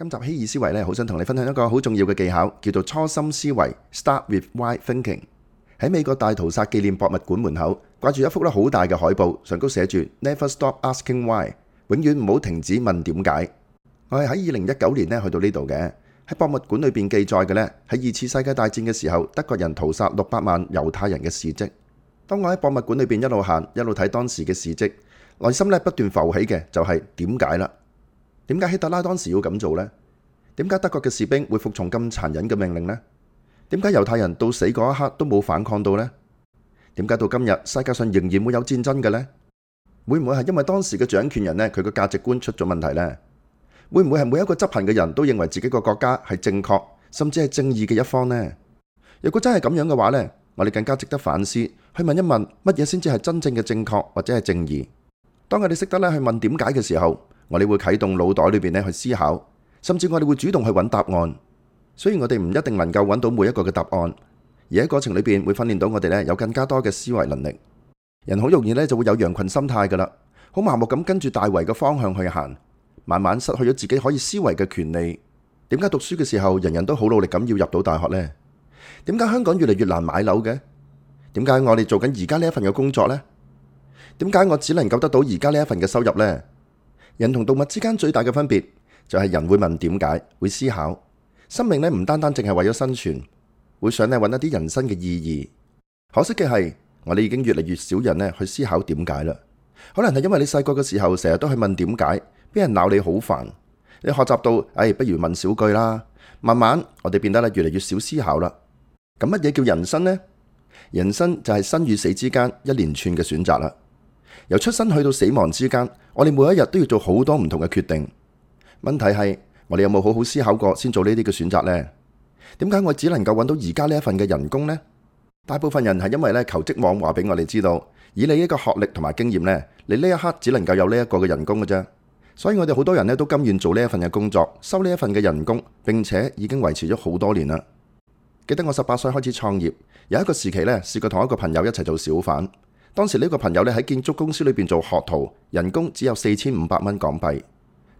今集希爾思維咧，好想同你分享一個好重要嘅技巧，叫做初心思維 （Start with Why Thinking）。喺美國大屠殺紀念博物館門口，掛住一幅咧好大嘅海報，上高寫住 Never Stop Asking Why，永遠唔好停止問點解。我係喺二零一九年咧去到呢度嘅，喺博物館裏邊記載嘅咧，喺二次世界大戰嘅時候，德國人屠殺六百萬猶太人嘅事跡。當我喺博物館裏邊一路行，一路睇當時嘅事跡，內心咧不斷浮起嘅就係點解啦。點解希特拉當時要咁做呢？點解德國嘅士兵會服從咁殘忍嘅命令呢？點解猶太人到死嗰一刻都冇反抗到呢？點解到今日世界上仍然會有戰爭嘅呢？會唔會係因為當時嘅掌權人呢，佢嘅價值觀出咗問題呢？會唔會係每一個執行嘅人都認為自己個國家係正確，甚至係正義嘅一方呢？如果真係咁樣嘅話呢，我哋更加值得反思，去問一問乜嘢先至係真正嘅正確或者係正義？當我哋識得咧去問點解嘅時候，我哋會啟動腦袋裏邊咧去思考，甚至我哋會主動去揾答案。雖然我哋唔一定能夠揾到每一個嘅答案，而喺過程裏邊會訓練到我哋咧有更加多嘅思維能力。人好容易咧就會有羊群心態噶啦，好麻木咁跟住大圍嘅方向去行，慢慢失去咗自己可以思維嘅權利。點解讀書嘅時候人人都好努力咁要入到大學呢？點解香港越嚟越難買樓嘅？點解我哋做緊而家呢一份嘅工作呢？點解我只能夠得到而家呢一份嘅收入呢？人同動物之間最大嘅分別就係人會問點解，會思考。生命咧唔單單淨係為咗生存，會想你揾一啲人生嘅意義。可惜嘅係，我哋已經越嚟越少人咧去思考點解啦。可能係因為你細個嘅時候，成日都去問點解，俾人鬧你好煩。你學習到，哎，不如問少句啦。慢慢我哋變得咧越嚟越少思考啦。咁乜嘢叫人生呢？人生就係生與死之間一連串嘅選擇啦。由出生去到死亡之間，我哋每一日都要做好多唔同嘅決定。問題係我哋有冇好好思考過先做呢啲嘅選擇呢？點解我只能夠揾到而家呢一份嘅人工呢？大部分人係因為咧求職網話俾我哋知道，以你呢個學歷同埋經驗咧，你呢一刻只能夠有呢一個嘅人工㗎啫。所以我哋好多人咧都甘願做呢一份嘅工作，收呢一份嘅人工，並且已經維持咗好多年啦。記得我十八歲開始創業，有一個時期咧試過同一個朋友一齊做小販。當時呢個朋友咧喺建築公司裏邊做學徒，人工只有四千五百蚊港幣。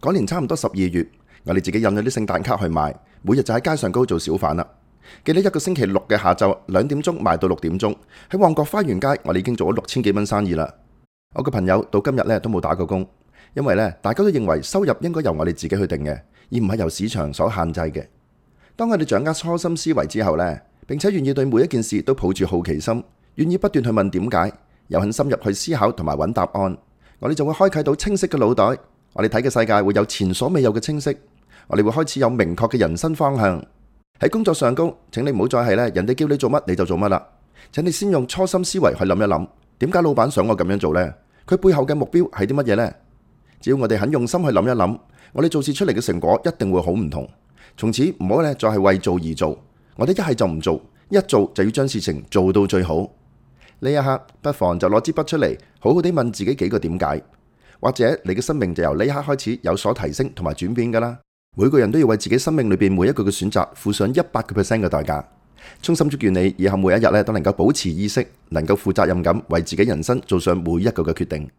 嗰年差唔多十二月，我哋自己印咗啲聖誕卡去賣，每日就喺街上高做小販啦。記得一個星期六嘅下晝兩點鐘賣到六點鐘，喺旺角花園街，我哋已經做咗六千幾蚊生意啦。我個朋友到今日咧都冇打過工，因為咧大家都認為收入應該由我哋自己去定嘅，而唔係由市場所限制嘅。當我哋掌握初心思維之後咧，並且願意對每一件事都抱住好奇心，願意不斷去問點解。又很深入去思考同埋揾答案，我哋就會開啟到清晰嘅腦袋，我哋睇嘅世界會有前所未有嘅清晰，我哋會開始有明確嘅人生方向。喺工作上高，請你唔好再係咧，人哋叫你做乜你就做乜啦，請你先用初心思維去諗一諗，點解老闆想我咁樣做咧？佢背後嘅目標係啲乜嘢咧？只要我哋肯用心去諗一諗，我哋做事出嚟嘅成果一定會好唔同。從此唔好咧，再係為做而做，我哋一係就唔做，一做就要將事情做到最好。呢一刻，不妨就攞支筆出嚟，好好哋問自己幾個點解，或者你嘅生命就由呢一刻開始有所提升同埋轉變噶啦。每個人都要為自己生命裏邊每一個嘅選擇付上一百個 percent 嘅代價。衷心祝願你以後每一日咧都能夠保持意識，能夠負責任咁為自己人生做上每一個嘅決定。